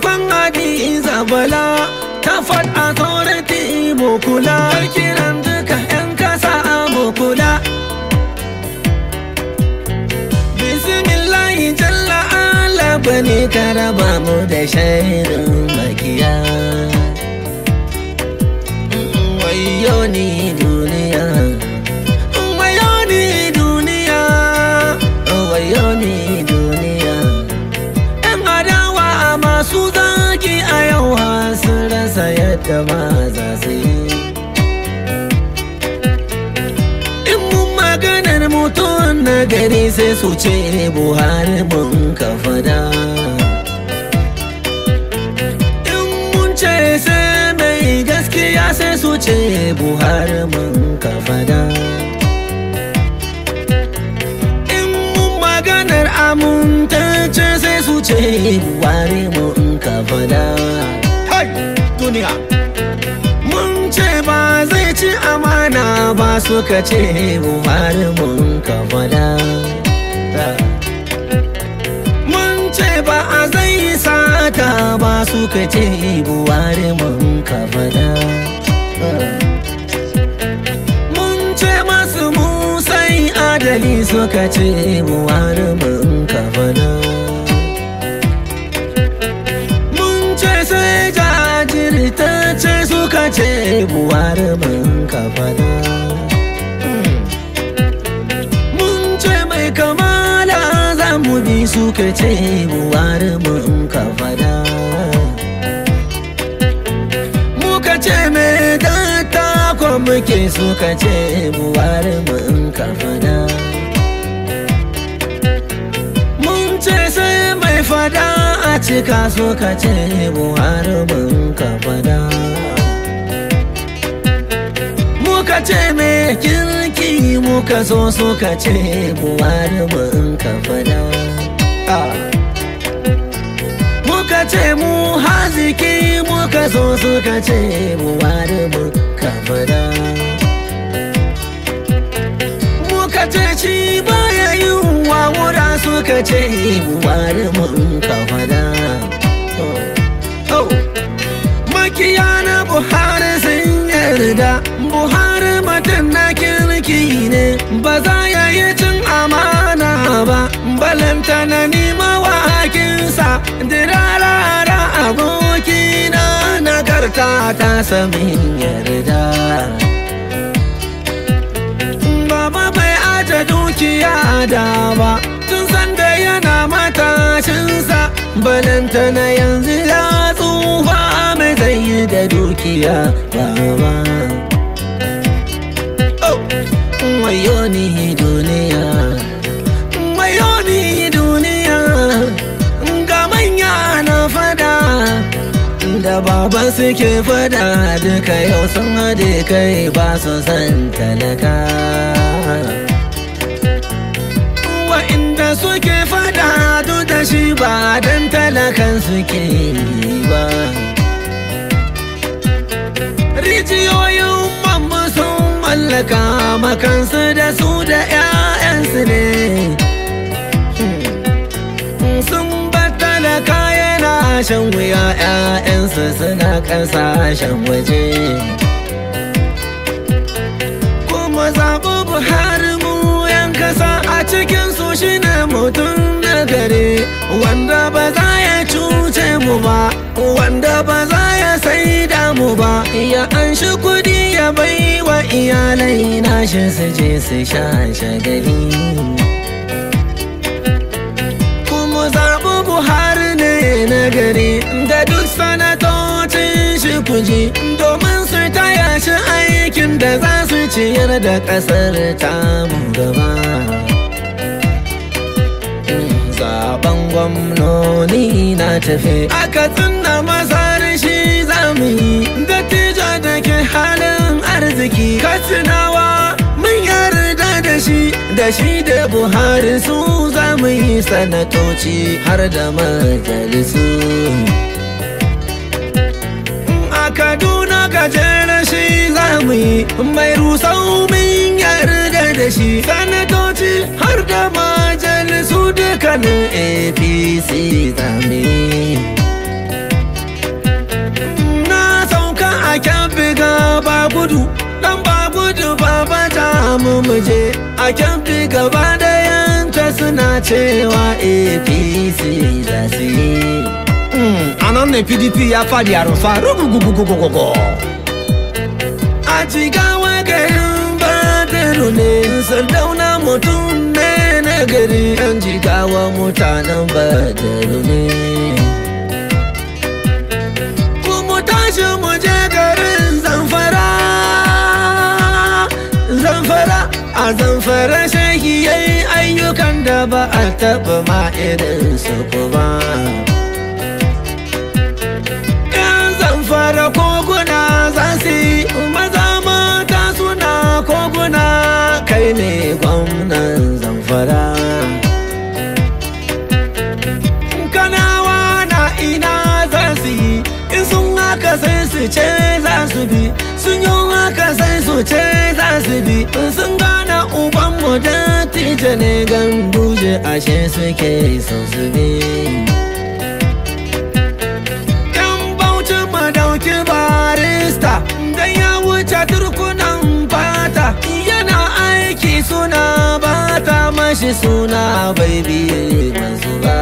Kafan haɗi Isabela ta faɗ authority Bokula kiran duka 'yan kasa a Bokula. Bismillahi jalla ala bane ka raba mu da shairin makiya. Wayo ni duniya. yadda maza su yi in mun maganar mutuwan na gari sai su ce buhari mun kafa da in mun ce sai mai gaskiya sai su ce buhari mun kafa da in mun maganar amintacce sai su ce buhari mun kafa da duniya mun ce ba zai ci amana ba suka ce buhari mun kammala mun ce ba a zai yi sata ba suka ce buhari mun kammala mun ce masu musai adali suka ce buhari mun kammala ce buwar mun ka fada muka ce me gata ko muke suka ce buwar mun ka fada mun ce sai mai fada a cika suka ce buwar mun ka fada muka ce me kirki muka zo suka ce buwar mun ka fada muka ce mu haziki muka zo suka ce mu wari muka fada muka ce shi baya yiwuwa wura suka ce mu wari muka fada oh, oh. makiya ta na nima wa hakinsa dirarara abokina nagarta ta samin yarda baba bai aje dukiya da ba tun sanda yana matashinsa balanta na yanzu ya tsufa mai zai yi da dukiya baba oh, wayo ni baba suke fada duka yau sun haɗe kai ba su san talaka wa'inda suke fada duk da shi ba dan talakan suke ba rijiyoyin mamma sun mallaka makansu da su da 'ya'yansu ne sashen wuya 'ya'yansu suna ƙasashen waje kuma zaɓi buhari mu yan kasa a cikin su shine mutum na gare wanda ba za ya cuce mu ba wanda ba za ya saida mu ba ya anshi kuɗi ya bai wa iyalai nashi su je su sha shagali nazari da duk sanatocin shi kuji domin su taya shi aikin da za su ciyar da ƙasar tamu gaba zaben gwamnoni na tafi aka tunna maza shi da buhari su za mu yi sanatoci har da majalisu a kaduna gajeren shi za mu yi mai rusau min yarda da shi sanatoci har da majalisu dukkanin apc za mu yi na sauka a kyan ba gudu dan ba ba samu muje a kyamfi gaba da yanta suna cewa apc za su yi hmm, a ne pdp ya fadi a rufa a ne yan jigawa mutanen a zamfara shahi yayi ayyukan da ba a taɓa ma irinsu ba haka sai su ce za su bi sun yi haka sai su ce za su bi sun gane uban mu da tije ne gan ganduje ashe suke sun su bi yan baucin madauki barista dan ya wuce turkunan fata yana aiki suna bata mashi suna bai biyu mansu ba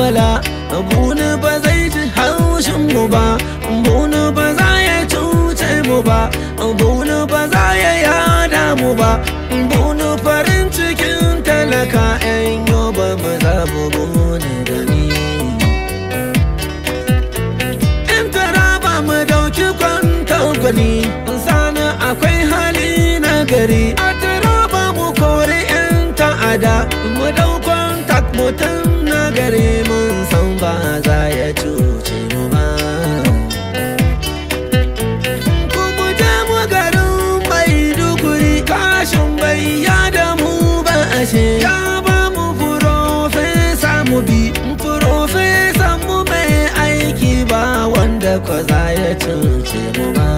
bala Buna ba zai ji haushin mu ba Buna ba za ya cuce mu ba Buna ba za ya yada mu ba Buna farin cikin talaka ƴan yoba ba za mu gani gwani sana akwai hali na gari a tara ba mu kori ƴan ta'ada mu daukon tak mutum dare mun san ba za ya cuce mu ba Kuma mu garin mai dukuri kashin bai ya da mu ba ashe ya ba mu furofesa mu bi furofesa mu mai aiki ba wanda kwa za ya cuce mu ba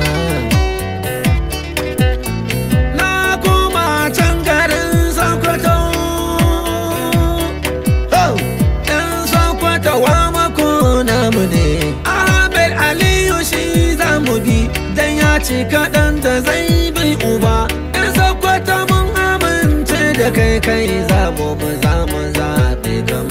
ce kaɗan ta zai bi uba in sakwata mun amince da kai kai zabo mu zamu zaɓe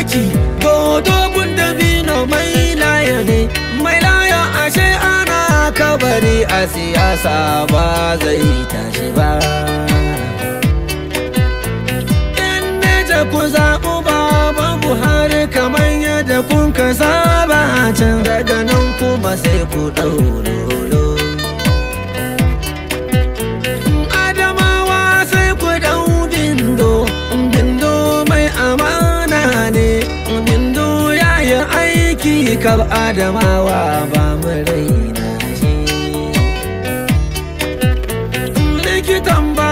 daki ko dogon dabino mai laya ne mai laya ashe ana kabari a siyasa ba zai tashi ba in da ku zaɓu bu buhari kamar yadda kun ka saba can daga nan kuma sai ku ɗauro Ikab Adamawa ba mu raina shi. Likitan ba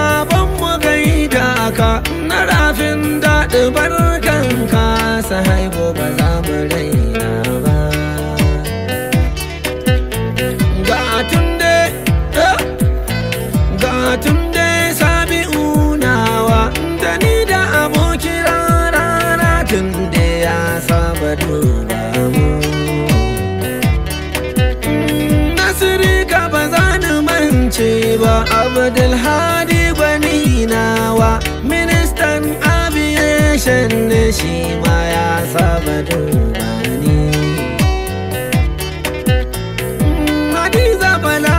abdulhadi Gwamina wa ministan aviation ne shi ma ya saba dubani hadiza bala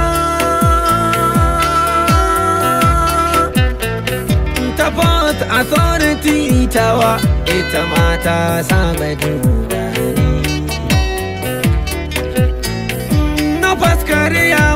ta port authority tawa ita ma ta saba dubani na faskariya